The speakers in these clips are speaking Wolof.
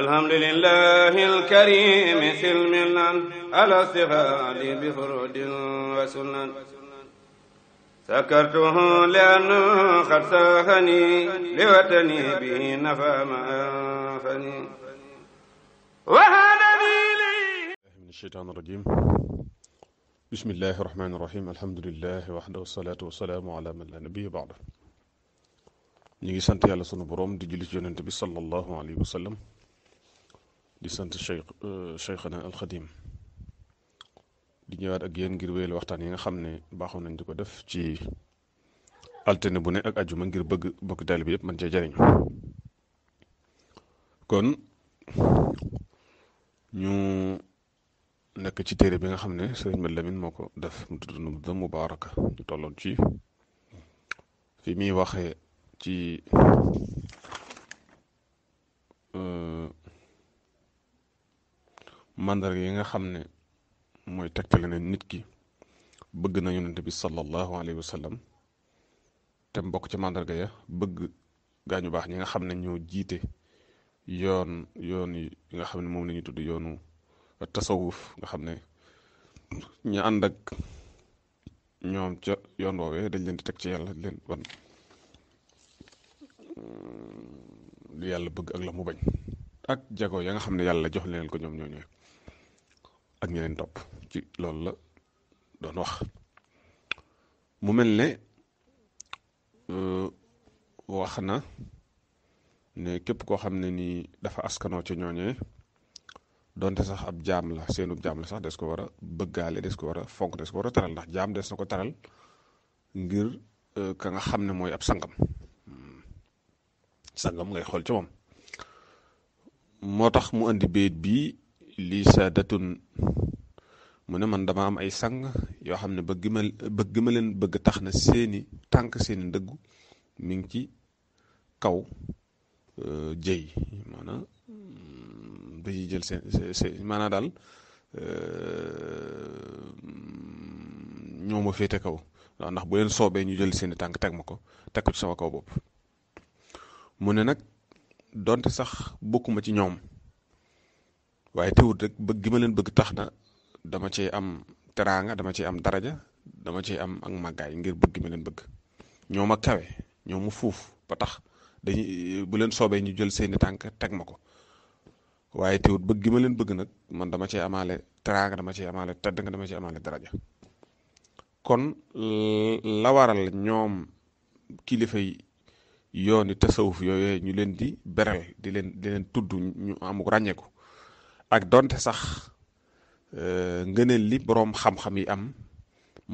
alhamdulillahi alkarimi silmilan alastifaad bifurud wa sunan sakartuhu lianna qad saafani liwatani bihi nafa ma anfani min asheytaan irajim bismillahi irrahmani irrahim alhamdulilahi waxda wasalaatu wasalaamu ala man la nabiya baada ñu ngi sant yàlla sunu boroom di julli ci yonent bi sallallahu alayhi wa sallam di sant Cheikh euh, Cheikhana Al Khadim di ñëwaat ak yéen ngir wéyal waxtaan yi nga xam ne baaxoon nañ di ko def ci altine bu ne ak ajuma ngir bëgg bokk taalibe bi yëpp mën cee jariñ kon ñu nekk ci téere bi nga xam ne sëriñ Mame Lamine moo ko def mu tudd Nubda Mubaaraka ñu tolloon ci fi muy waxee ci. Euh, màndarga yi nga xam ne mooy tegtale ne nit ki bëgg na yonent bi sallallahu alayhi te mbokk ci màndarga ya bëgg gaañu baax ñi nga xam ne ñoo jiite yoon yoon yi nga xam ne moom la ñuy tudd yoonu tasawuf nga xam ne ñu ànd ñoom ca yoon woowee dañ leen teg ci yàlla leen wan mm, yàlla bëgg ak la mu bañ ak jago ya nga xam ne yàlla jox leen ko ñoom ñoo ñooy ak ñu leen topp ci loolu la doon wax mu mel ne euh, wax na ne képp koo xam ne nii dafa askanoo ci ñooñee donte sax ab jaam la seenu jaam la sax des ko war a bëggaale des ko war a fonk des ko war a taral ndax jaam des na ko taral ngir euh, ka nga xam ne mooy ab sangam sangam ngay xool ci moom moo tax mu andi béyit bii lii saadatun mu ne man dama am ay sang yoo xam ne bëgg ma bëgg ma leen bëgg tax na seeni tànk seeni ndëggu mi ngi ci kaw euh, jëy maanaam mm, dañuy jël seen seen daal euh, ñoo féete kaw waaw ndax bu leen soobee ñu jël seeni tànk teg ma ko teg ko ci sama kaw bopp mu ne nag donte sax bokkuma ci ñoom waaye teewut rek bëgg gi ma leen bëgg tax na dama cee am teraanga dama cee am daraja dama cee am ak màggaay ngir bëgg gi ma leen bëgg ñoo ma kawe ñoo ma fuuf ba tax dañuy bu leen soobee ñu jël seeni tànk teg ma ko waaye teewut bëgg gi ma leen bëgg nag man dama cee amaale teraanga dama cee amaale tedd nga dama ci amaale daraja kon la ñoom kilifa yi yoon yi tasawuf yooyu ñu leen di beral di leen di leen tudd ñu amu ràññeeku ak donte sax euh, ngëneel li boroom xam-xam yi am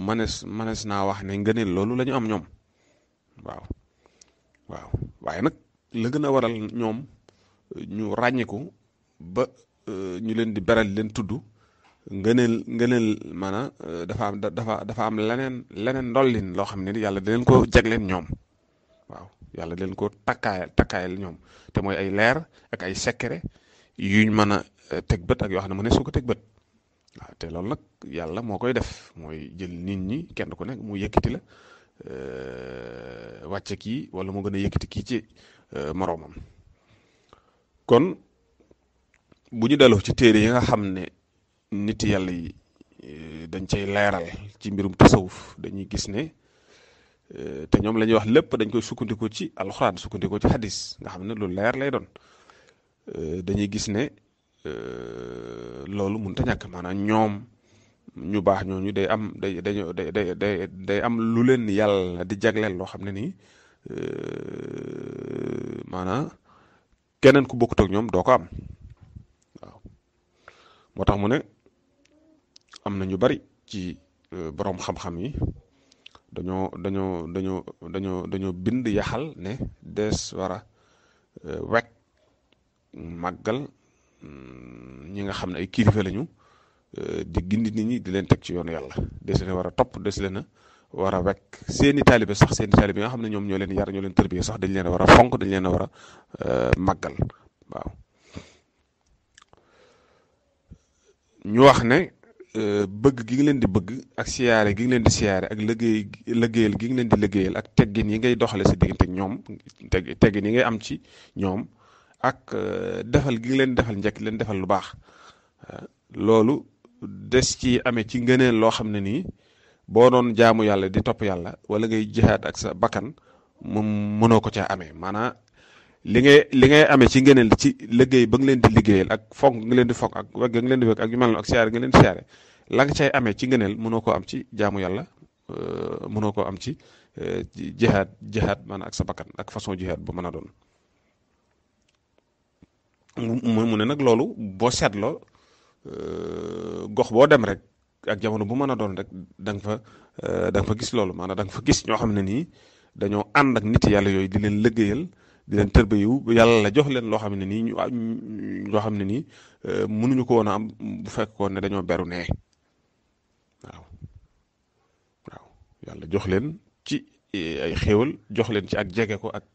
mënees mënees naa wax ne ngëneel loolu lañu am ñoom waaw waaw waaye nag la gën a waral ñoom ñu ràññiku ba euh, ñu leen di beral leen tudd ngëneel ngëneel maanaam euh, dafa am dafa dafa am leneen leneen ndollin loo xam ne yàlla da leen ko jagleen ñoom waaw yàlla leen ko takkaayal takkaayal ñoom te mooy ay leer ak ay secret yuñ mën a teg bët ak yoo xam ne mu ne su ko teg bët te loolu nag yàlla moo koy def mooy jël nit ñi kenn ku ne mu yëkkati la euh, wàcce kii wala mu gën a yëkkati kii ci euh, moroomam kon bu ñu delloo ci téere yi nga xam ne nit yàlla yi euh, dañ cay leerale ci mbirum tasawuf dañuy gis ne te ñoom lañuy wax lépp dañ koy sukkandiku ci alxuraan sukkandiku ci hadis nga xam ne lu leer lay doon dañuy gis ne Euh, loolu mënut a ñàkk maanaam ñoom ñu baax ñooñu day am day dañoo day day day am lu leen yàlla di jagleel loo xam ne nii euh, maanaam keneen ku bokkut ñoom doo ko am waaw moo tax mu ne am na ñu bari ci euh, boroom xam-xam yi dañoo dañoo dañoo dañoo dañoo bind yaxal ne dees war wekk màggal. Mm, ñi nga xam ne ay kilifa lañu euh, di gindi nit ñi di leen teg ci yoonu yàlla des leen war a topp des leen a war a wekk seeni taalibe sax seeni taalibe yi nga xam ne ñoom ñoo leen yar ñoo leen tërbiyee sax dañ leen a war a fonk dañ leen a war a euh, màggal waaw ñu wax ne euh, bëgg gi nga leen di bëgg ak siyaare gi nga leen di siyaare ak liggéey liggéeyal gi nga leen di liggéeyal ak teggin yi ngay doxale sa diggante ñoom teggin yi ngay am ci ñoom ak euh, defal gi nga leen defal njëkk leen defal lu baax euh, loolu des ci amee ci ngëneel loo xam ne nii boo doon jaamu yàlla di topp yàlla wala ngay jihaad ak sa bakkan moom mënoo ko caa amee maanaam li ngay li ngay amee ci ngëneel ci liggéey ba nga leen di liggéeyal ak fonk nga leen di fonk ak wegg nga leen di wegg ak yu mel ak siyaare nga leen di siyaare la nga cay amee ci ngëneel mënoo ko am ci jaamu yàlla euh, mënoo koo am ci jihaad jihaad maanaam ak sa bakkan ak façon jihaad bu mën a doon mu ne nag loolu boo seetloo euh, gox boo dem rek ak jamono bu mën a doon rek da fa euh, da nga fa gis loolu maanaam da nga fa gis ñoo xam ne nii dañoo ànd ak nit yàlla yooyu di leen lëggéeyal di leen tërba yiw yàlla la jox leen loo xam ne nii ñu ah, loo xam ne nii euh, mënuñu ko woon a am bu fekkoon ne dañoo beru nee waaw yàlla jox leen ci eh, ay xéewal jox leen ci ak jege ko ak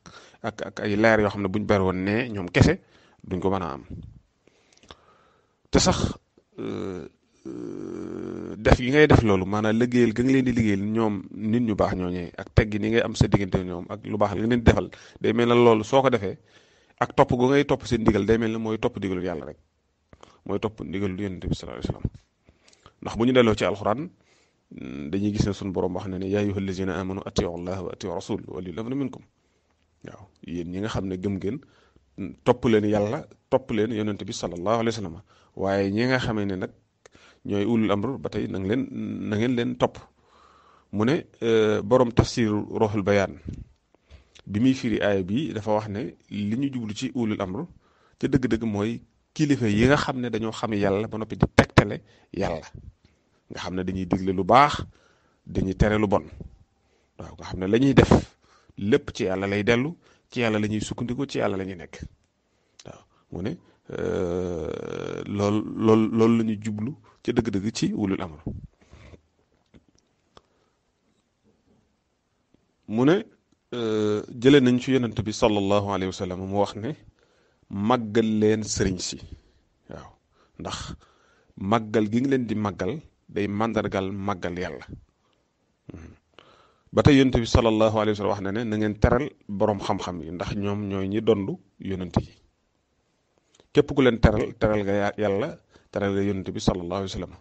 ak ak ay leer yoo xam ne buñ won nee ñoom kese duñ ko mën a am te sax euh, euh, def yi ngay def loolu maanaam liggéeyal ga nga leen di liggéeyal ñoom nit ñu baax ñooñee ak teggi ni ngay am sa diggante ñoom ak lu baax li nga leen defal day mel na loolu soo ko defee ak topp gu ngay topp seen ndigal day mel ne mooy topp ndigalul yàlla rek mooy topp ndigalul yonent bi sallallahu alayhi wasallam ndax bu ñu delloo ci alxuraan mm, dañuy gis ne suñu borom wax na ne yaa ayyuhal lazina amanu atiu allah wa atiu rasul wa ulil amri ñi nga xam ne gëm ngeen topp leen yàlla topp leen yonent bi sallallahu alayhi wa sallam waaye ñi nga xamee ne nag ñooy ulul amr ba tey na leen na ngeen leen topp mu ne euh, borom tafsir roxul bayaan bi muy firi aaya bi dafa wax ne li ñu jublu ci ulul amr te dëgg-dëgg mooy kilifa yi nga xam ne dañoo xam yàlla ba noppi di tegtale yàlla nga xam ne dañuy digle lu baax dañuy tere lu bon waaw nga xam ne lañuy ñuy def lépp ci yàlla lay dellu ci yàlla lañuy ñuy sukkandiku ci yàlla lañuy nekk waaw mu ne euh, lool loolu loolu la jublu ca dëgg-dëgg ci wulul amr mu ne euh, jëlee nañ ci yonent bi sallallahu alayhi wa sallam mu wax ne màggal leen sëriñ si waaw ndax màggal gi ngi leen di màggal day màndargal màggal yàlla ba tey yonent bi sallallahu alayhi wa sallam wax na ne na ngeen teral boroom xam-xam yi ndax ñoom ñooy ñi dondu yonent yi képp ku leen teral teral nga yàlla teral nga yonent bi sallallahu alayhi wa sallam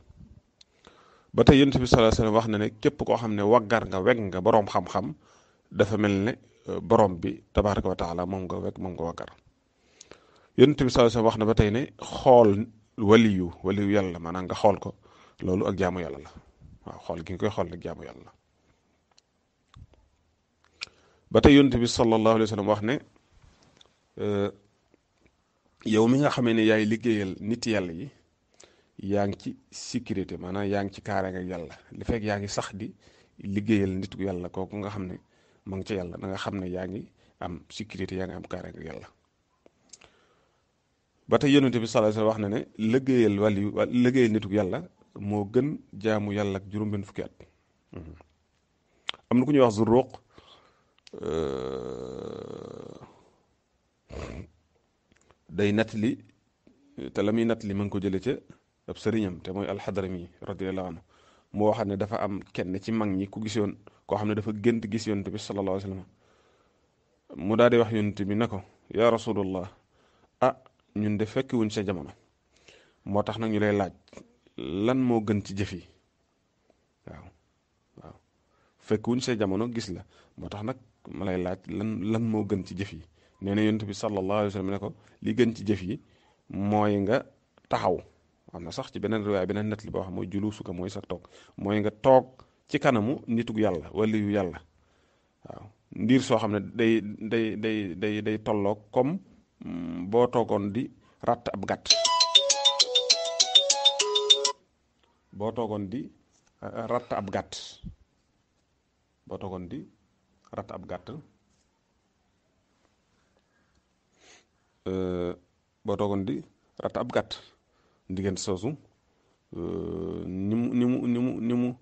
ba tey yonent bi sallallahu alayhi wax na ne képp koo xam ne waggar nga weg nga boroom xam-xam dafa mel ne euh, boroom bi tabaraka wa taala moom nga weg moom nga waggar yonent bi sallallahu wax na ba tey ne xool waliyu waliyu yàlla maanaam nga xool ko loolu ak jaamu yàlla la waaw xool gi nga koy xool nag jaamu yàlla la ba tey yonent bi sallallahu alayhi wa sallam wax ne euh, yow mi nga xamee ne yaay liggéeyal nit yàlla yi yaa ngi ci sécurité maanaam yaa ngi ci kaaraange yàlla li fekk yaa ngi sax di liggéeyal nit ku yàlla kooku nga xam ne ma ngi ca yàlla na nga xam ne yaa ngi am sécurité yaa ngi am kaaraange yàlla ba tey yonent bi sallallahu wax na ne liggéeyal wàllu liggéeyal nit ku yàlla moo gën jaamu yàlla ak juróom-benn fukki at hmm. am na ku ñuy wax Zuruq Euh, day nettali te la muy nettali ma ngi ko jëlee ca ab sëriñam te mooy alxadrami radiyallahu anhu moo xam ne dafa am kenn ci mag ñi ku gisoon koo xam ne dafa gént gis yonent bi sallallahu alayhi wa mu daal di wax yonent bi ne ko yaa rasulullah ah ñun de fekk wuñ sa jamono moo tax nag ñu lay laaj lan moo gën ci jëf yi waaw waaw fekk wuñ sa jamono gis la moo tax nag ma lay laaj lan lan moo gën ci jëf yi nee na yonent bi sallallahu alayhi wa ne ko li gën ci jëf yi mooy nga taxaw am na sax ci beneen riwaay beneen nettali boo xam mooy julusuka mooy sa toog mooy nga toog ci kanamu nitug yàlla wala yàlla waaw ndiir soo xam ne day day day day day tolloog comme mm, boo toogoon di ràtt ab gàtt boo toogoon di eh, ràtt ab gàtt boo toogoon di rat ab euh, boo toogoon di rat gàtt diggante soosu euh, ni mu ni mu ni mu ni mu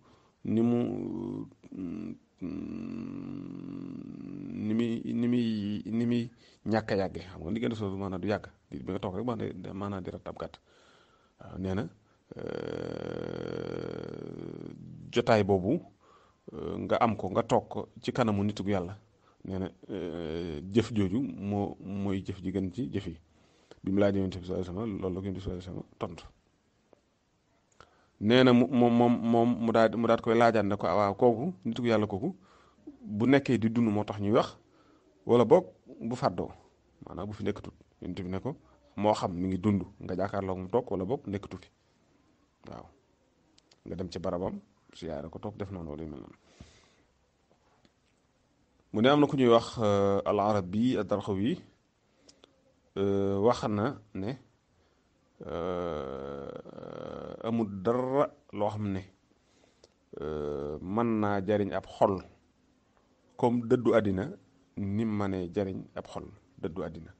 ni mu mm, ni muy ni muy ni muy ñàkk a yàgge xam nga diggante soosu maanaam du yàgg di bi nga toog rek maanaam di rat ab gàtt waaw euh, jotaay boobu Euh, nga am ko nga toog ko ci kanamu nitug yàlla nee na euh, jëf jooju moo mooy jëf ji gën ci jëf yi bi mu laajee yonent bi sallallahu alayhi loolu ko yonent bi sallallahu alayhi tontu nee na mu moom moom mu daal mu daal koy laajaan ne ko waaw kooku nitug yàlla kooku bu nekkee di dund moo tax ñuy wax wala boog bu fàddoo maanaam bu fi nekkatul yonent bi ne ko moo xam mi ngi dund nga jàkkaarloo mu toog wala boog nekkatu fi waaw nga dem ci barabam. siyaara ko toog def noonu wala yu mel noonu mu ne am na ku ñuy wax euh, al arabi ad-Darqawi euh, wax na ne euh, amut dara loo xam ne mën naa jariñ ab xol comme dëddu àddina nim mënee jariñ ab xol dëddu àddina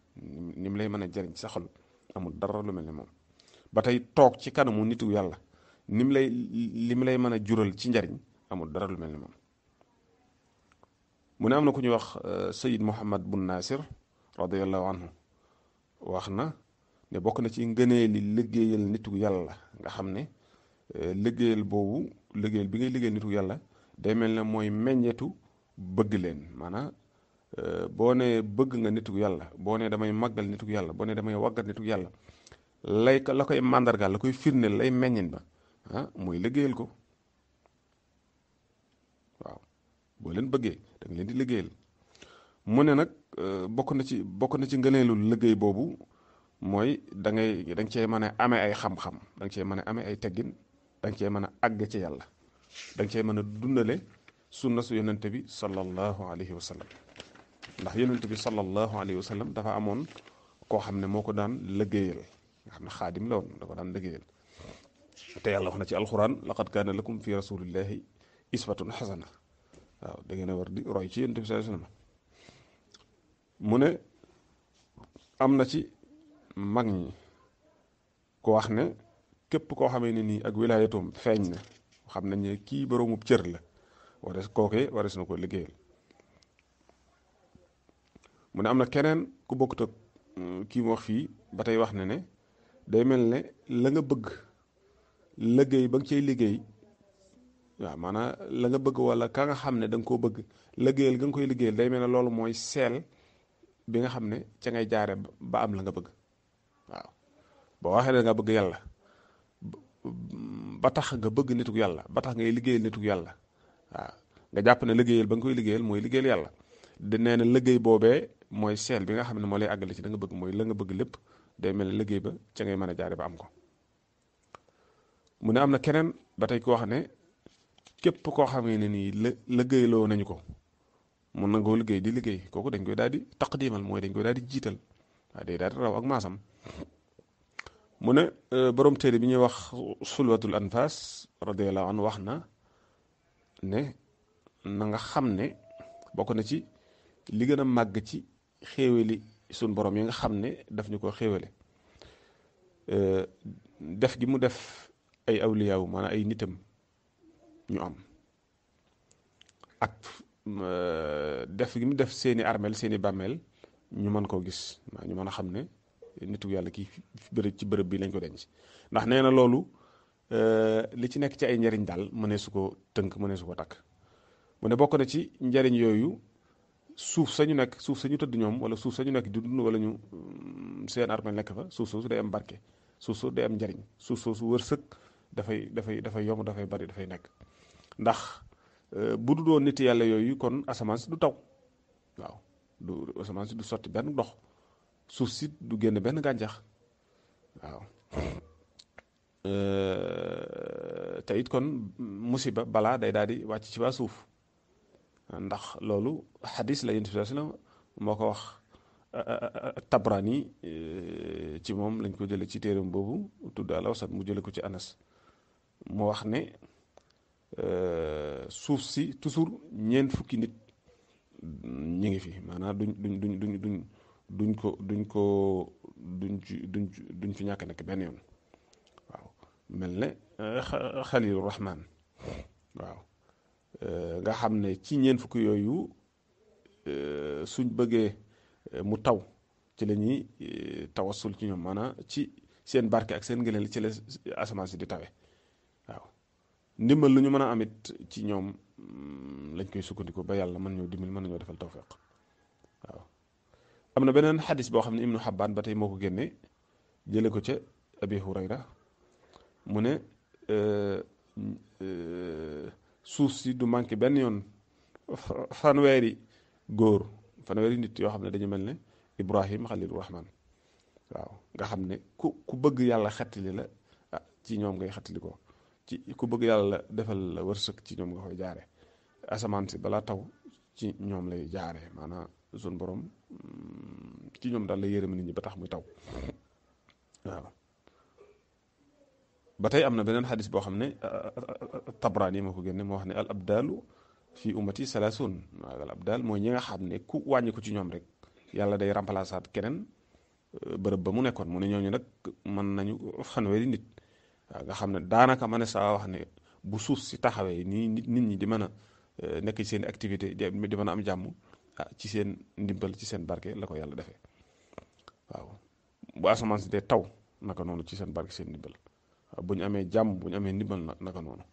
nim lay mën a jariñ sa xol amul dara lu mel ni moom ba tey toog ci kanamu nitu yàlla nim lay li mu lay mën a jural ci njariñ amul dara lu mel ni moom mu ne am na ku ñuy wax euh, sayid muhammad bun nasir radiallahu anhu wax na ne bokk na ci ngënee li liggéeyal nitu yàlla nga xam ne euh, liggéeyal boobu liggéeyal bi ngay liggéeyal nitu yàlla day mel ne mooy meññetu bëgg leen maanaam euh, boo nee bëgg nga nitu yàlla boo nee damay màggal nitu yàlla boo nee damay waggal nitu yàlla lay la koy màndargaal la koy firndeel lay meññeen ba Ah, mooy liggéeyal ko waaw boo leen bëggee da leen di liggéeyal mu ne nag euh, bokk na ci bokk na ci ngëneelu liggéey boobu mooy da ngay cee mën a amee ay xam-xam da cee mën a amee ay teggin da cee mën a àgg ci yàlla da cee mën a dundale sunna su yonente bi sallallahu alayhi wa sallam ndax yonente bi sallallahu alayhi wa sallam dafa amoon koo xam ne moo ko daan liggéeyal nga xam ne xaadim la woon da ko daan liggéeyal te yàlla wax na ci alxuraan laqad kaana lakum fi rasulillahi iswatun xasana waaw da ngeen a war di roy ci yonent bi sallallahu alayhi wasallam mu ne am na ci mag ñi ko wax ne képp koo xamee ne nii ak wilaayatoom feeñ na xam nañ ne kii boroomub cër la wares kooke wares na ko liggéeyal mune am na keneen ku bokkut ak mm, kii wax fii ba tey wax ne ne day mel ne la nga bëgg liggéey ba nga cay liggéey waaw maanaam la nga bëgg wala ka nga xam ne danga koo bëgg liggéeyal ga nga koy liggéeyal day mel ne loolu mooy seel bi nga xam ne ca ngay ba am la nga bëgg waaw waxee ne nga bëgg yàlla ba tax nga bëgg nituk yàlla ba tax ngay liggéeyal nituk yàlla waaw nga jàpp ne liggéeyal ba koy liggéeyal mooy liggéeyal yàlla di nee na liggéey boobee mooy seel bi nga xam ne moo lay àggale ci da nga bëgg mooy la nga bëgg lépp day mel ne liggéey ba ca ngay mën a jaare ba am ko mu ne am na keneen ba tey koo xam ne képp koo xam ne nii la liggéeyloo nañu ko mun na ngoo liggéey di liggéey kooku dañ koy daal di taqdimal mooy dañ koy daal di jiital waaye day daal raw ak maasam mu ne euh, borom téere bi ñuy wax sulwatul anfas wax na ne na nga xam ne bokk na ci li gën a màgg ci xéewali suñ borom yi nga xam ne daf ñu ko xéewale euh, def gi mu def ay awliyaaw maanaam ay nitam ñu am ak euh, def gi mu def seeni armeel seeni bàmmeel ñu mën koo gis ñu mën a xam ne nitu yàlla kii bërëb ci bërëb bi lañ ko denc ndax nee na loolu euh, li ci nekk ci ay njariñ daal mënee su ko tënk mënee su ko takk mu ne bokk na ci njariñ yooyu suuf sañu nekk suuf sañu tëdd ñoom wala suuf sañu nekk di dund wala ñu mm, seen armeel nekk fa suuf su day am barke suuf soosu day am njariñ suuf soosu wërsëg dafay dafay dafay yomb dafay bari dafay nekk ndax euh, bu du doon nit yàlla yooyu kon asamaan si du taw waaw du asamaan si du sotti benn dox suuf si du génn benn gàncax waaw euh, te it kon musiba balaa day daal di wàcc ci baa suuf ndax loolu xadis la yonent bi sallam moo ko wax Tabrani euh, ci moom lañ ko jële ci téeram boobu tudd Al-Awsat mu jële ko ci Anas moo wax ne euh, suuf si toujours ñeent fukki nit ñu ngi fi maanaa duñ duñ duñ duñ duñ ko duñ ko duñ duñ duñ fi ñàkk nekk benn yoon waaw mel ne xalilu euh, rahmaan waaw euh, nga xam ne ci ñeent fukki yooyu suñ bëggee mu taw ci la ñuy tawasul ci ñoom maanaam ci seen barke ak seen ngëneel ci la asamaan si di tawe waaw ndimbal lu ñu mën a amit ci ñoom mm, lañ koy sukkandiku ba yàlla mën ñoo dimbali mën nañoo defal tawfiq waaw am na beneen xadis boo xam ne ibnu xabbaan ba tey moo ko génne jële ko ca abi hurayra mu ne suuf si du manqué benn yoon fanweeri góor fanweeri nit yoo xam ne dañu mel ne ibrahim xalilu rahman waaw nga xam ne ku ku bëgg yàlla xettali la ah, ci ñoom ngay xettali ko ci ku bëgg yàlla defal la wërsëg ci ñoom nga koy jaare asamaan si balaa taw ci ñoom lay jaare maanaam suñu borom mm, ci ñoom daal lay yërëm nit ñi ba tax muy taw waaw ba tey am na beneen xadis boo xam ne tabraani moo ko génne moo wax ne al abdaalu fii ummati salaasun waaw al abdaal mooy ñi nga xam ne ku wàññi ko ci ñoom rek yàlla day remplaçaat keneen bërëb ba mu nekkoon mu ne ñooñu nag man nañu fanweeri nit waaw nga xam ne daanaka ma ne saa wax ne bu suuf si taxawee nii nit ñi di mën a euh, nekk ci seen activité di mën a am jàmm ah ci seen ndimbal ci seen barke la ko yàlla defee waaw bu asamaan si taw naka noonu ci seen barke seen ndimbal bu ñu amee jàmm bu amee ndimbal naka noonu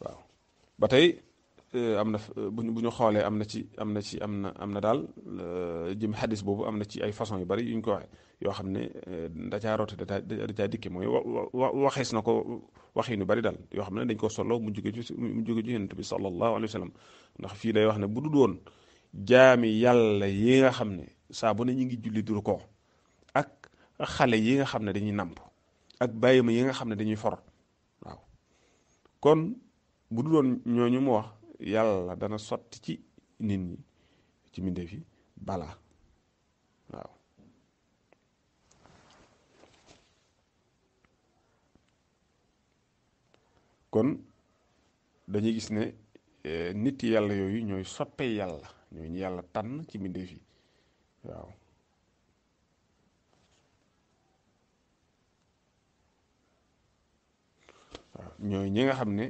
waaw Euh, am na euh, bu buñ bu ñu xoolee am na ci am na ci am na am na daal euh, jëm xadis boobu am na ci ay façon yu bari yu ñu ko waxee yoo xam ne da caa roote da caa dikki mooy waxees na ko waxin bari daal yoo xam ne dañ koo solo mu jóge ci mu jóge ci bi sallallahu alayhi wa sallam ndax fii day wax ne bu du woon jaami yàlla yi nga xam ne saa bu ne ñu ngi julli duru ko ak xale yi nga xam ne dañuy nàmp ak ma yi nga xam ne dañuy for waaw kon bu dul woon ñooñu mu wax yàlla dana sotti ci nit ñi ci mbindeef yi balaa waaw kon dañuy gis ne eh, nit yàlla yooyu ñooy soppe yàlla ñooy ñu yàlla tànn ci mbindeef yi waaw ñooy ñi nga xam ne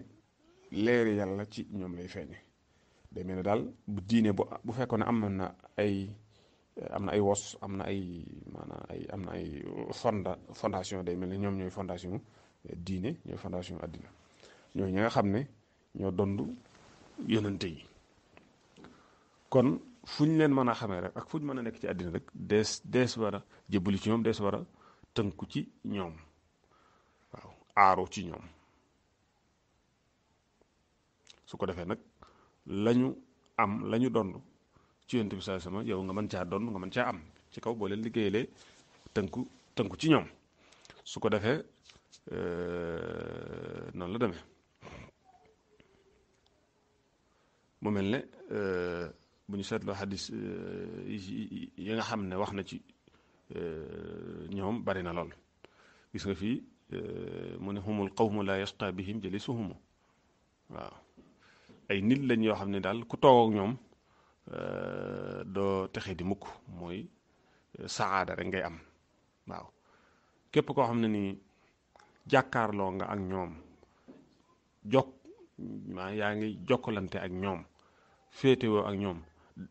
leeri yàlla ci ñoom lay feeñe day mel ne daal bu diine bu bu fekkoon ne am na ay am na ay wos am na ay maanaam ay am na ay fonda fondation day mel ne ñoom ñooy fondation diine ñooy fondation àddina ñooy ñi nga xam ne ñoo dond yonante yi kon fu ñu leen mën a xamee rek ak fu ñu mën a nekk ci àddina rek dees dees war a jébbalu ci ñoom dees war a tënku ci ñoom waaw aaru ci ñoom su ko defee nag lañu am la ñu dond ci yonent bi saa sama yow nga mën caa dond nga mën caa am ci kaw boo leen liggéeyalee tënku tënku ci ñoom su ko defee euh, noonu la demee mu mel ne euh, bu ñu seetloo xadis euh, yi nga xam ne wax na ci ñoom bari na lool gis nga fii mu ne humul qawmu la yasqa bihim jalisuhumu waaw ay nit lañ yoo xam ne daal ku toog ñoom euh, doo texe di mukk mooy euh, saada rek ngay am waaw képp koo xam ne nii jàkkaarloo nga ak ñoom jokk maa yaa ngi jokkalante ak ñoom féetewoo ak ñoom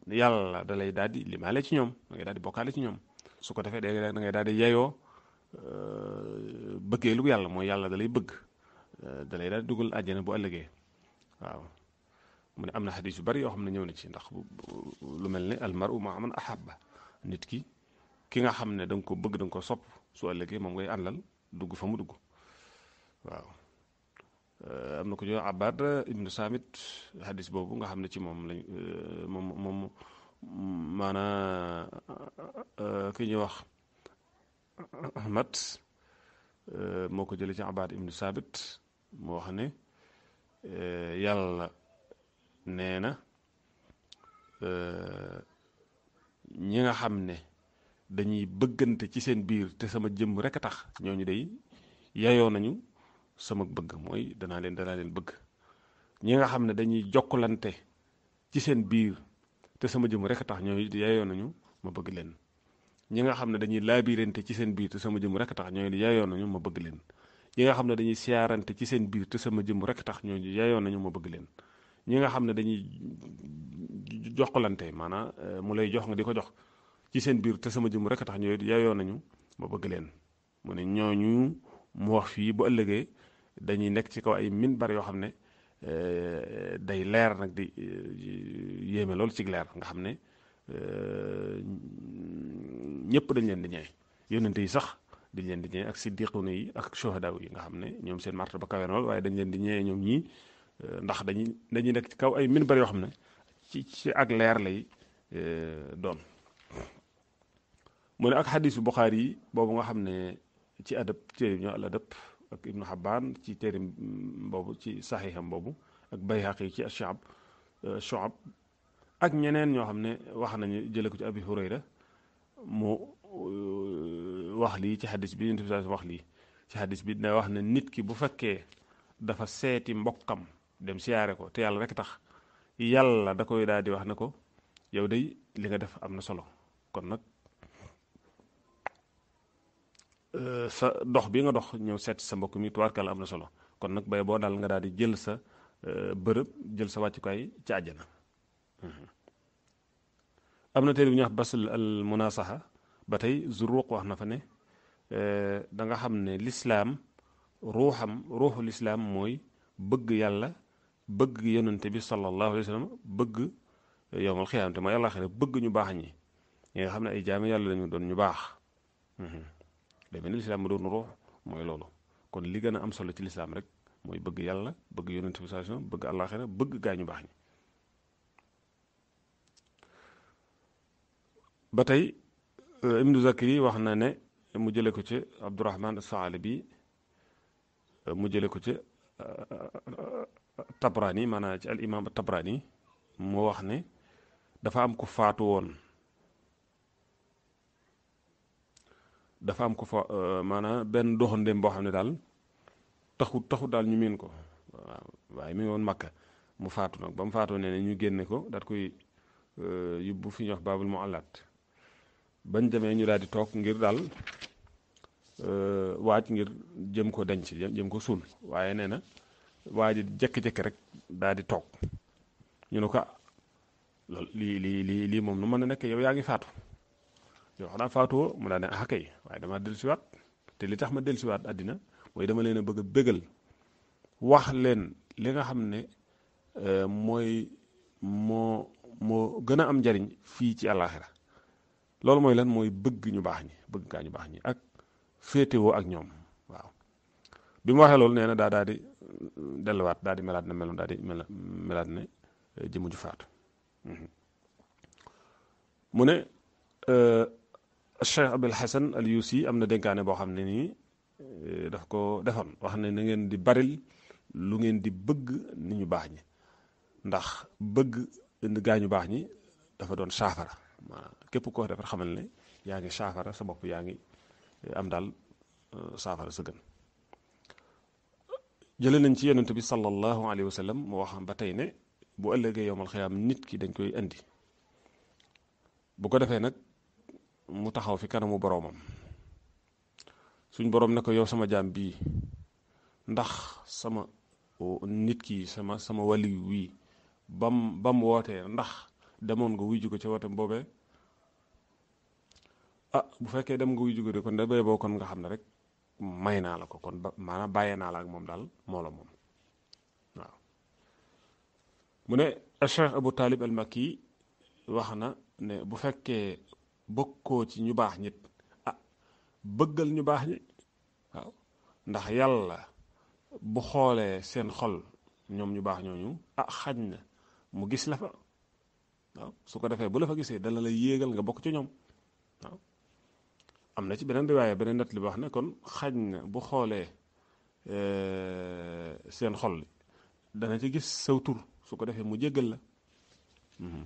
yàlla da lay daal di limaale ci ñoom da ngay daal di bokkaale ci ñoom su ko defee da ngay daal di euh, bëggee lu yàlla mooy yàlla da lay bëgg dalay lay daal di dugal àjjana bu ëllëgee waaw mu ne am na xadis yu bari yoo xam ne ñëw na ci ndax lu mel ne almaru maa man ahabba nit ki ki nga xam ne da nga ko bëgg da nga ko sopp su ëllëgee moom ngay àndal dugg fa mu dugg euh, am na ko jox abad ibnu samit xadis boobu nga xam ne ci moom lañ euh, moom moom maana euh, ki ñuy wax ahmad moo ko jële ci abad ibnu sabit moo wax ne yàlla nee na euh, ñi nga xam ne dañuy bëggante ci seen biir te sama jëmm rek a tax ñooñu day yayoo nañu sama bëgg mooy danaa leen danaa leen bëgg ñi nga xam ne dañuy jokkalante ci seen biir te sama jëmm rek a tax ñooñu yayoo nañu ma bëgg leen ñi nga xam ne dañuy laabirante ci seen biir te sama jëmm rek a tax ñooñu yayoo nañu ma bëgg leen ñi nga xam ne dañuy siyaarante ci seen biir te sama jëmm rek tax ñooñu yayoo nañu ma bëgg leen ñi nga xam ne dañuy joxlante maanaa euh, mu lay jox nga di ko jox ci seen biir te sama jëmm rek a tax ñooy yeyoo nañu ma bëgg leen mu ne ñooñu mu wax fii bu ëllëgee dañuy nekk ci kaw ay minbar yoo xam ne euh, day leer nag di euh, yéeme loolu ci nga xam ne ñëpp dañ leen di ñee yónnante yi sax dañ leen di ñee ak si siddiquna yi ak soo shuhada yi nga xam ne ñoom seen martaba kawe na waaye dañ leen di ñee ñoom ñii ndax dañuy dañuy nekk ci kaw ay minbar yoo xam ne ci ci ak leer lay e, doon mu ne ak xadiisu Buxaari yi boobu nga xam ne ci adab téere ñu al adab ak ibnu Xabbaan ci téere boobu ci saxiixam boobu ak Bayhaqi ci ashaab e, shuab ak ñeneen ñoo xam ne wax nañu jële ko ci Abi Hurayra mu e, wax lii ci xadis bi Yonent bi wax lii ci xadis bi dina wax ne nit ki bu fekkee dafa seeti mbokkam dem siyaare ko te yàlla rek tax yàlla da koy daal di wax na ko yow day li nga def am na solo kon nag euh, sa dox bi nga dox ñëw seet sa mbokk mi tubaarkàlla am na solo kon nag bay boo daal nga daal di jël sa euh, bërëb jël sa wàccukaay ci àjjana hmm. am na téere bi ñuy wax basul al munasaha ba tey zuruq wax na fa ne euh, danga xam ne lislaam ruuxam ruuxu lislaam mooy bëgg yàlla bëgg yonante bi sallallahu alayhi bëgg sallam bëgg yowmal xiyaamate mooy àllaaxira bëgg ñu baax ñi ñi xam ne ay jaami yàlla lañu doon ñu baax mhm. demee ni lislaam mu doon ruux mooy loolu kon li gën a am solo ci lislaam rek mooy bëgg yàlla bëgg yonent bi sallallahu alayhi wa bëgg àllaaxira bëgg gaa ñu baax ñi ba tey euh, ibnu zakri wax na ne mu jële ko ci abdurahman saali bi mu jële ko ci tabraani mana ci al imaam tabraani moo wax ne dafa am ko faatu woon dafa am ko fa euh, maanaam benn doxandéem boo xam ne daal taxu taxu daal ñu miin ko waaw waaye mi ngi woon Makka mu faatu nag ba mu faatoo nee ne ñu génne ko daat koy euh, yóbbu fi ñuy wax baabul mu àllaat bañ demee ñu daal di toog ngir daal euh, waaj ngir jëm ko denc jëm ko suul waaye nee na waa ji jékki-jékki rek daal di toog ñu ne ko ah, lool lii lii lii lii moom nu mën a nekk yow yaa ngi faatu yow xanaa faatuwoo mu daal ne ah waaye damaa dama siwaat te li tax ma dellusiwaat àddina mooy dama leen a bëgg a bégal wax leen li nga xam ne e, mooy moo moo gën a am njariñ fii ci àllaaxira loolu mooy lan mooy bëgg ñu baax ñi bëgg gaa ñu baax ñi ak féetewoo ak ñoom waaw bi mu waxee loolu nee na daa di. delluwaat daal di melaat na meloon daal di melaat na eh, jëmm ju mhm. mu ne eh, Cheikh Abul Hasan al Yuusi am na dénkaane boo xam ne nii eh, daf ko defoon wax ne na ngeen di baril lu ngeen di bëgg ni ñu baax ñi ndax bëgg gaa ñu baax ñi dafa doon saafara képp koo defar xamal ne yaa ngi saafara sa bopp yaa ngi am daal saafara sa gën jële nañ ci yonent bi sallallahu alayhi wa sallam mu wax ba tey ne bu ëllëgee yowmal xiyaam nit ki dañ koy indi bu ko defee nag mu taxaw fi kanamu boroomam suñ boroom ne ko yow sama jaam bii ndax sama nit ki sama sama waliyu wii bam bam wootee ndax demoon nga wuyju ko ca wootem boobee a ah, bu fekkee dem nga wuyju ko de kon da bay boo kon nga xam ne rek may naa la ko kon maanaam bàyyee naa la ak moom daal moo la moom waaw mu ne cheikh abou talib al yi wax na ne bu fekkee bokkoo ci ñu baax ñit ah bëggal ñu baax ñi waaw ndax yàlla bu xoolee seen xol ñoom ñu baax ñooñu ah xañ na mu gis la fa waaw su ko defee bu la fa gisee dana la yéegal nga bokk ci ñoom waaw am na ci beneen riwaaya beneen nett li ba wax ne kon xaj na bu xoolee euh, seen xol dana ci gis saw su ko defee mu jéggal la mhm.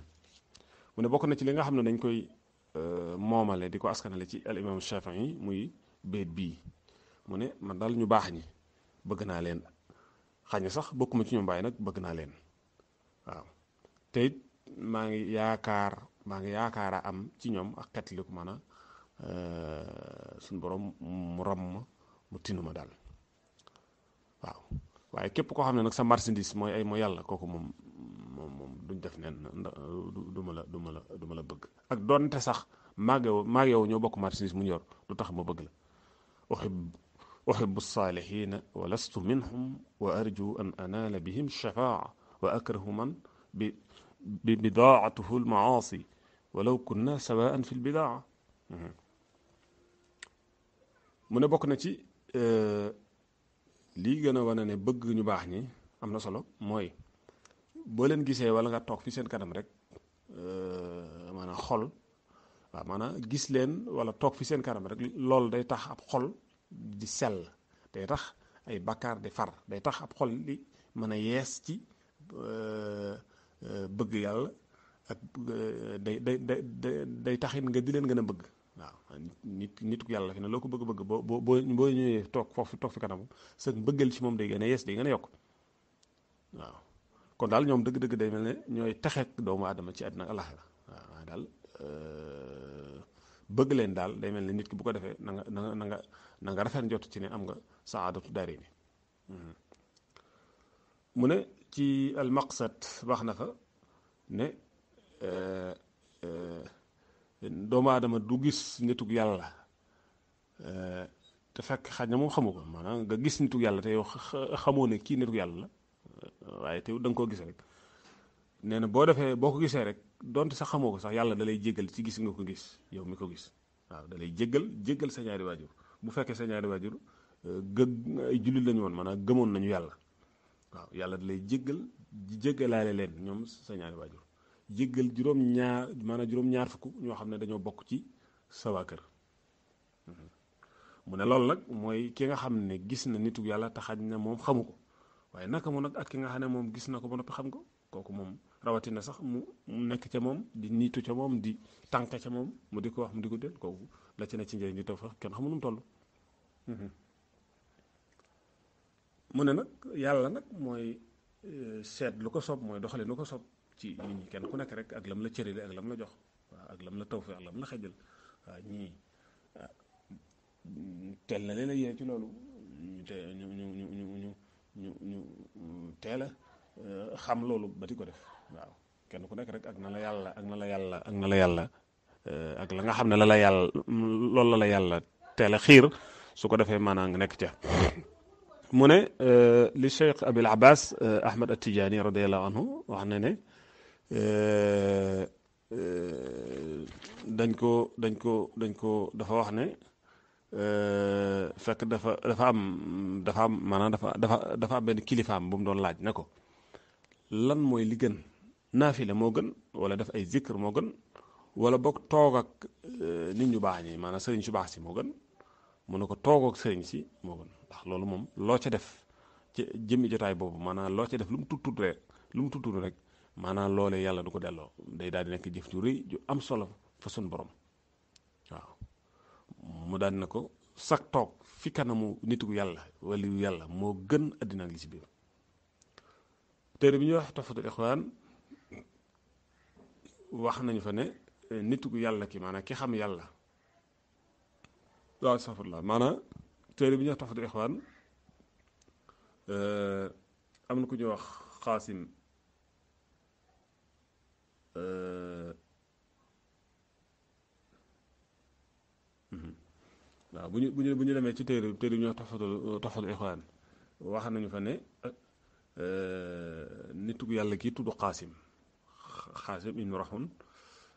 mu ne bokk na ci li nga xam ne dañ koy euh, moomale di ko askanale ci al imam Shafii yi muy béet bii mu ne man daal ñu baax ñi bëgg naa leen xañ sax bokkuma ci ñoom bàyyi nag bëgg naa leen waaw te it maa ngi yaakaar maa ngi yaakaar a am ci ñoom ak xet li ko mën a Euh, suñ borom mu ram ma mu tinu ma daal waaw waaye képp koo xam ne nag sa marchandise mooy ay mooy yàlla kooku moom moom moom duñ def neen du ma la du ma la du ma bëgg ak doonte sax woo maagew ñoo bokk marchandise mu ñor lu tax ma bëgg la uhib uhibbu saalihina wa lastu minhum wa arju an anaala bihim shafaa wa akrahu man bi bi bidaatuhu almaasi walaw kunna sawaan fi lbidaa mu ne bokk na ci euh, lii gën a wane ne bëgg ñu baax ñi am na solo mooy boo leen gisee wala nga toog fi seen kanam rek euh, maanaam xol waaw maanaam gis leen wala toog fi seen kanam rek loolu day tax ab xol di sel day tax ay bakkaar di far day tax ab xol li mën a yees ci euh, bëgg yàlla ak day day day day taxit nga di leen gën a bëgg waaw nit nit ku yàlla fi ne loo ko bëgg bëgg boo boo boo ñëwee toog foofu toog fi kanam sëg mbëggeel ci moom day gën a yees day gën a yokk waaw kon daal ñoom dëgg-dëgg day mel ne ñooy texeek doomu aadama ci àddina ak euh, leen daal day mel ne nit ki bu ko defee na nga na nga na rafet njot ci ne am nga saadatu dari ni hmm. mu ne ci almaqsad wax na fa ne euh, euh, doomu aadama du gis nitug yàlla te fekk xaj na moom xamu ko maanaam nga gis nitug yàlla te yow xamoo ne kii nitug yàlla la waaye te da nga koo gis rek nee na boo defee boo ko gisee rek dont sax xamoo ko sax yàlla da lay jéggal ci gis nga ko gis yow mi ko gis waaw da lay jéggal jéggal sa ñaari waajur bu fekkee sa ñaari waajur gëg ay jullit lañu woon maanaam gëmoon nañu yàlla waaw yàlla da lay jéggal jéggalaale leen ñoom sa ñaari waajur jéggal juróom ñaar maanaam juróom ñaar fukk ñoo xam ne dañoo bokk ci sa kër mu ne loolu nag mooy ki nga xam ne gis na nitu yàlla te na moom xamu ko waaye naka mu nag ak ki nga xam ne moom gis na ko ba noppi xam ko kooku moom rawatina sax mu nekk ca moom di niitu ca moom di tànk ca moom mu di ko wax mu di ko déet kooku la ci ne ci njëriñ di taw sax kenn xamul nu mu toll. mu ne nag yàlla nag mooy eh, seet lu ko sob mooy doxali lu ko sob ci kenn ku nekk rek ak lam la cëralee ak lam la jox ak lam la tawfee ak lam la xajal waaw ñii ah, teel na leen a yee ci loolu ñu ñu ñu ñu ñu teel ah, xam loolu ba di ko def waaw kenn ku nekk rek ak na la yàlla ak na la yàlla ak na la yàlla eh, ak la nga xam ne la la yàlla loolu la la yàlla teel a xiir su ko defee maanaam nga nekk ca mu ne eh, li Cheikh Abil Abbas eh, Ahmad At-Tijaani radiyallahu anhu wax na Euh, euh, dañ ko dañ ko dañ ko dafa wax ne euh, fekk dafa dafa am dafa am maanaam dafa dafa dafa am benn kilifaam bu mu doon laaj ne ko lan mooy li gën naafile moo gën wala def ay zikr moo gën wala bokk toog ak nit ñu baax ñi maanaam sëriñ su baax si moo gën mu ne ko toog ak sëriñ si moo gën ndax loolu moom loo ca def ci jëmmi jotaay boobu maanaam loo ca def lu mu tudd rek lu mu tudd rek maanaam loolee yàlla du ko delloo day daal di nekk jëf ju rëy ju am solo fa suñ borom waaw mu daal na ko sax toog fi kanamu nitigu yàlla wala yu yàlla moo gën àddina ak li si biir téere bi ñuy wax Tuhfatul Ikhwan wax nañu fa ne eh, nitigu yàlla ki maanaam ki xam yàlla waaw safurla téere bi ñuy wax Tuhfatul Ikhwan eh, am na ku ñuy wax xaasim Euh, waaw bu ñu bu ñu bu ñu demee ci téere téere bi ñoo tafatul tafatul ixwaan wax nañu fa ne euh, nitu yàlla kii tudd xaasim xaasim ibnu raxun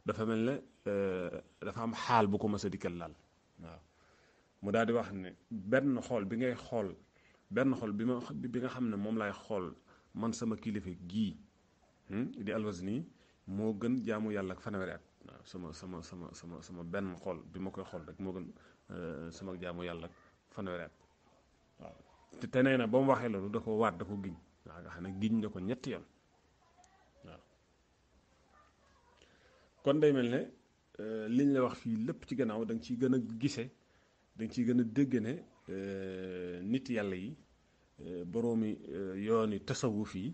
dafa mel ne euh, dafa am xaal bu ko mës a dikkal laal waaw mu daal di wax ne benn xool bi ngay xool benn xool bi ma bi nga xam ne moom laay xool man sama kilifa gii hmm, di alwasni moo gën jaamu yàlla ak fanweeri waaw sama sama sama sama sama benn xool bi ma koy xool rek moo gën euh, sama jaamu yàlla ak fanweeri waaw te te nee na ba mu waxee loolu da ko waat da ko giñ waaw nga xam ne giñ na ko ñetti yoon waaw kon day mel ne euh, liñ la wax fii lépp ci gannaaw danga nga ciy gën a gise da nga ciy gën a déggane euh, nit yàlla yi boroomi yooni tasawuf yi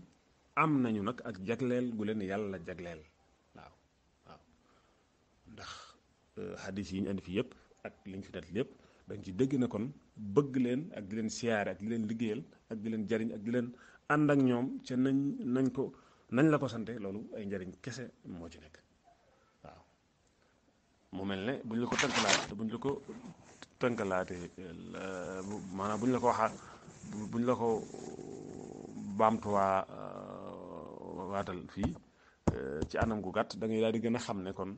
am nañu nag ak jagleel gu leen yàlla jagleel waaw waaw ndax xadis euh, yi ñu indi fi yëpp ak liñ fi net lépp dañ ci dégg na kon bëgg leen ak di leen siyaare ak di leen liggéeyal ak di leen jariñ ak di leen ànd ak ñoom ca nañ nañ ko nañ la ko sante loolu ay njariñ kese moo ci nekk waaw mu mel ne buñ la ko tënkalaate buñ la ko tënkalaate maanaam buñ la ko waxaat buñ la ko baamtuwaa waatal fii euh, ci anam gu gàtt da ngay daal di gën a xam ne kon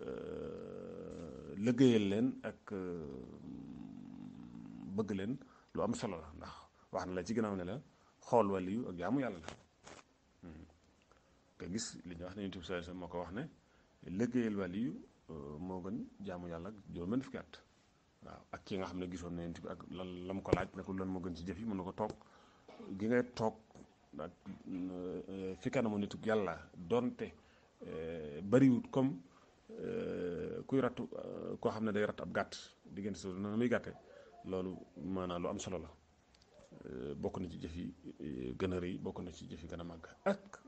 euh, liggéeyal leen ak euh, bëgg leen lu am solo la ndax wax na la ci ginnaaw ne la xool waliyu ak jaamu yàlla la hmm. nga gis li ñuy wax ne yonent bi sallallahu alayhi moo ko wax ne liggéeyal waliyu moo gën jaamu yàlla ak juróom-benn fukki at waaw ak ki nga xam ne gisoon na yonent bi ak lan la mu ko laaj nekkul ko lan moo gën ci jëf yi mën na ko toog gi ngay toog nag fi euh, kanamu nituk yàlla donte euh, bariwut comme euh, kuy rattu koo xam ne day ratt ab gàtt diggante si na muy gàtte loolu maanaam lu am solo la bokk na ci jëf gën a rëy bokk na ci jëf gën a màgg ak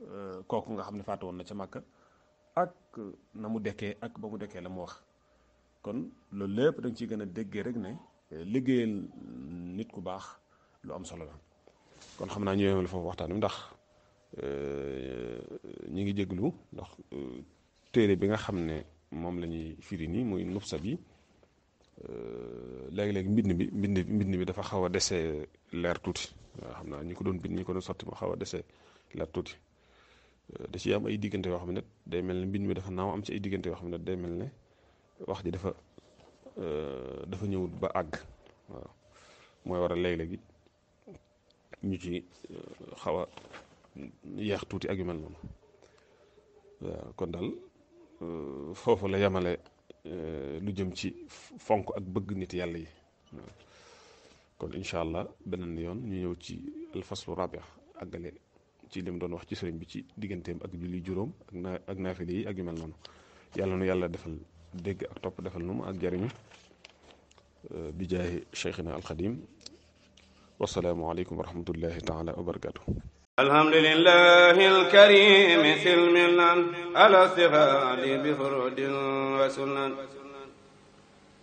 kooku nga xam ne faatu woon na ca màkk ak na mu dekkee ak ba mu dekkee la mu wax kon loolu lépp dañ nga ciy gën a déggee rek ne liggéeyal nit ku baax lu am solo la kon xam naa ñu yemal foofu waxtaan wi ndax euh, ñu ngi jéglu ndax euh, téere bi nga xam ne moom lañuy ñuy firi nii muy nubsa bi euh, léegi-léegi mbind bi mbind mbind bi dafa xaw a dese leer tuuti xam naa ñi ko doon bind ko sotti moo xaw a dese leer tuuti da ciy am ay diggante yoo xam ne day mel ne mbind mi dafa naaw am ci ay diggante yoo xam ne day mel ne wax ji dafa dafa ñëwut ba àgg waaw mooy waral léeg-léegi ñu ci euh, xaw a yéex tuuti ak yu mel noonu kon daal euh, foofu la yamale euh, lu jëm ci fonk ak bëgg nit yàlla yi kon incha allah beneen yoon ñu ñëw ci alfaslu rabia àggale ci li doon wax ci sëriñ bi ci digganteem ak julli juróom ak naa ak yi ak yu mel noonu yàlla nu yàlla defal dégg ak topp defal nu mu ak jariñu bi jaahi cheikhina alxadim wasalaamualeykum wa rahmatullahi taala wa barakaatu. alhamdulillahi alkarimi silmilan ala sifaati bi furudin wa sunan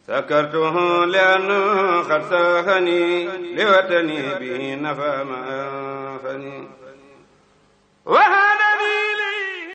sakartuhu liannu qad saxani liwatani bihi nafa ma anfani